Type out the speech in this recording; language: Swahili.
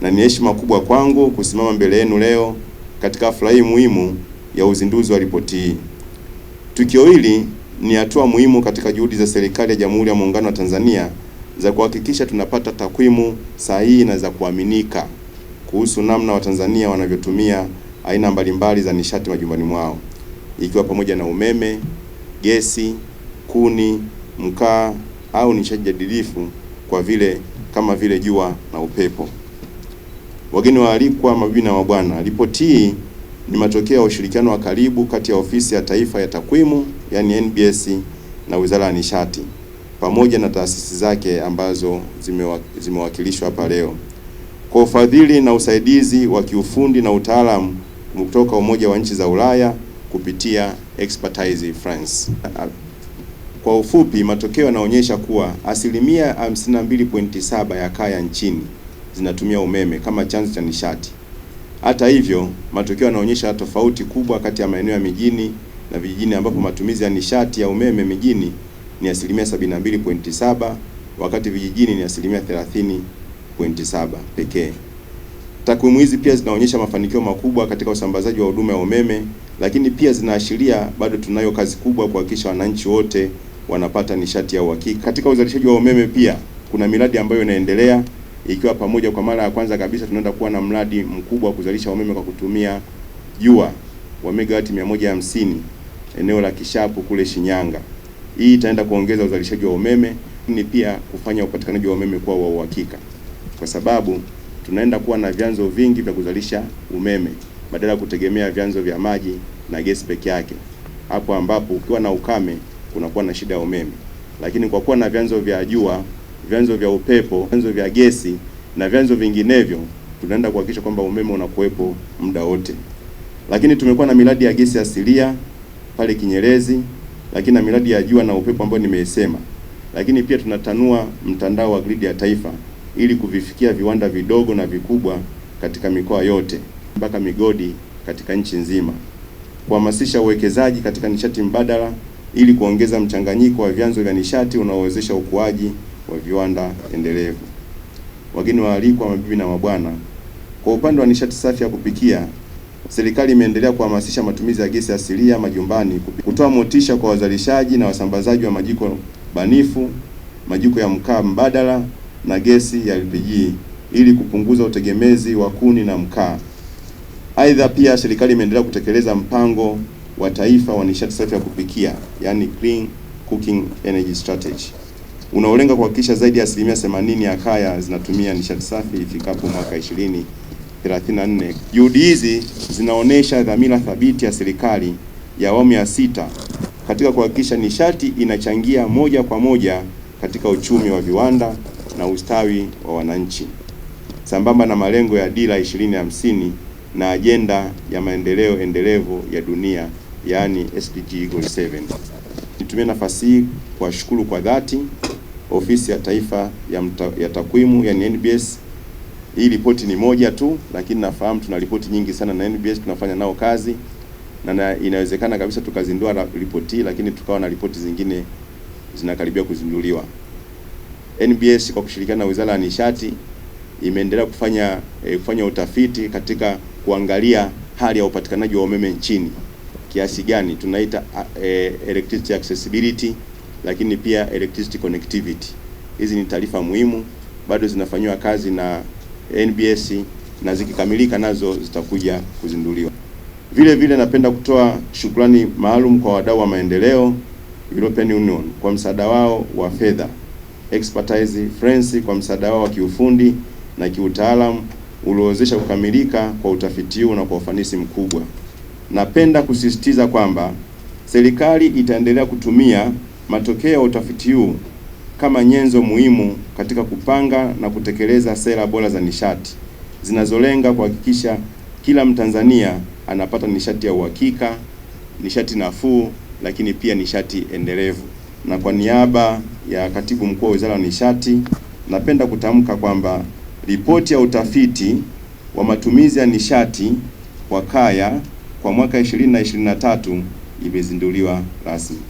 na ni heshima kubwa kwangu kusimama mbele yenu leo katika hafla hii muhimu ya uzinduzi wa ripoti hii. Tukio hili ni hatua muhimu katika juhudi za serikali ya Jamhuri ya Muungano wa Tanzania za kuhakikisha tunapata takwimu sahihi na za kuaminika kuhusu namna Watanzania wanavyotumia aina mbalimbali za nishati majumbani mwao ikiwa pamoja na umeme, gesi, kuni, mkaa au nishati jadidifu kwa vile kama vile jua na upepo. Wageni waalikwa, mabibi na mabwana, ripoti hii ni matokeo ya ushirikiano wa karibu kati ya Ofisi ya Taifa ya Takwimu yani NBS na Wizara ya Nishati pamoja na taasisi zake ambazo zimewakilishwa hapa leo kwa ufadhili na usaidizi wa kiufundi na utaalamu kutoka Umoja wa Nchi za Ulaya kupitia Expertise France. Kwa ufupi, matokeo yanaonyesha kuwa asilimia 52.7 ya kaya nchini zinatumia umeme kama chanzo cha nishati. Hata hivyo, matokeo yanaonyesha tofauti kubwa kati ya maeneo ya mijini na vijijini ambapo matumizi ya nishati ya umeme mijini ni asilimia 72.7 wakati vijijini ni asilimia 30.7 pekee. Takwimu hizi pia zinaonyesha mafanikio makubwa katika usambazaji wa huduma ya umeme, lakini pia zinaashiria bado tunayo kazi kubwa kuhakikisha wananchi wote wanapata nishati ya uhakika. Katika uzalishaji wa umeme pia kuna miradi ambayo inaendelea ikiwa pamoja, kwa mara ya kwanza kabisa tunaenda kuwa na mradi mkubwa wa kuzalisha umeme kwa kutumia jua wa megawati hamsini eneo la Kishapu kule Shinyanga. Hii itaenda kuongeza uzalishaji wa umeme, ni pia kufanya upatikanaji wa umeme kuwa wa uhakika, kwa sababu tunaenda kuwa na vyanzo vingi vya kuzalisha umeme badala ya kutegemea vyanzo vya maji na gesi peke yake, hapo ambapo ukiwa na ukame kunakuwa na shida ya umeme, lakini kwa kuwa na vyanzo vya jua vyanzo vya upepo, vyanzo vya gesi na vyanzo vinginevyo, tunaenda kuhakikisha kwamba umeme unakuwepo muda wote. Lakini tumekuwa na miradi ya gesi asilia pale Kinyerezi, lakini na miradi ya jua na upepo ambayo nimeisema, lakini pia tunatanua mtandao wa gridi ya taifa ili kuvifikia viwanda vidogo na vikubwa katika mikoa yote mpaka migodi katika nchi nzima, kuhamasisha uwekezaji katika nishati mbadala ili kuongeza mchanganyiko wa vyanzo vya nishati unaowezesha ukuaji wa viwanda endelevu. Wageni waalikwa, mabibi na mabwana, kwa upande wa nishati safi ya kupikia, serikali imeendelea kuhamasisha matumizi ya gesi asilia majumbani, kutoa motisha kwa wazalishaji na wasambazaji wa majiko banifu, majiko ya mkaa mbadala na gesi ya LPG ili kupunguza utegemezi wa kuni na mkaa. Aidha, pia serikali imeendelea kutekeleza mpango wa taifa wa nishati safi ya kupikia, yani Clean Cooking Energy Strategy unaolenga kuhakikisha zaidi ya asilimia 80 ya kaya zinatumia nishati safi ifikapo mwaka 2034. Juhudi hizi zinaonyesha dhamira thabiti ya serikali ya awamu ya sita katika kuhakikisha nishati inachangia moja kwa moja katika uchumi wa viwanda na ustawi wa wananchi, sambamba na malengo ya Dira 2050 na ajenda ya maendeleo endelevu ya dunia yaani SDG Goal 7. Nitumie nafasi hii kuwashukuru kwa dhati ofisi ya taifa ya, ya takwimu yani NBS. Hii ripoti ni moja tu, lakini nafahamu tuna ripoti nyingi sana na NBS tunafanya nao kazi na inawezekana kabisa tukazindua ripoti hii, lakini tukawa na ripoti zingine zinakaribia kuzinduliwa. NBS kwa kushirikiana na Wizara ya Nishati imeendelea kufanya eh, kufanya utafiti katika kuangalia hali ya upatikanaji wa umeme nchini kiasi gani, tunaita eh, electricity accessibility lakini pia electricity connectivity. Hizi ni taarifa muhimu, bado zinafanyiwa kazi na NBS na zikikamilika nazo zitakuja kuzinduliwa. Vile vile napenda kutoa shukrani maalum kwa wadau wa maendeleo European Union kwa msaada wao wa fedha, Expertise France kwa msaada wao wa kiufundi na kiutaalamu uliowezesha kukamilika kwa utafiti huu na kwa ufanisi mkubwa. Napenda kusisitiza kwamba serikali itaendelea kutumia matokeo ya utafiti huu kama nyenzo muhimu katika kupanga na kutekeleza sera bora za nishati zinazolenga kuhakikisha kila Mtanzania anapata nishati ya uhakika, nishati nafuu, lakini pia nishati endelevu. Na kwa niaba ya Katibu Mkuu wa Wizara ya Nishati, napenda kutamka kwamba ripoti ya utafiti wa matumizi ya nishati kwa kaya kwa mwaka 2023 imezinduliwa rasmi.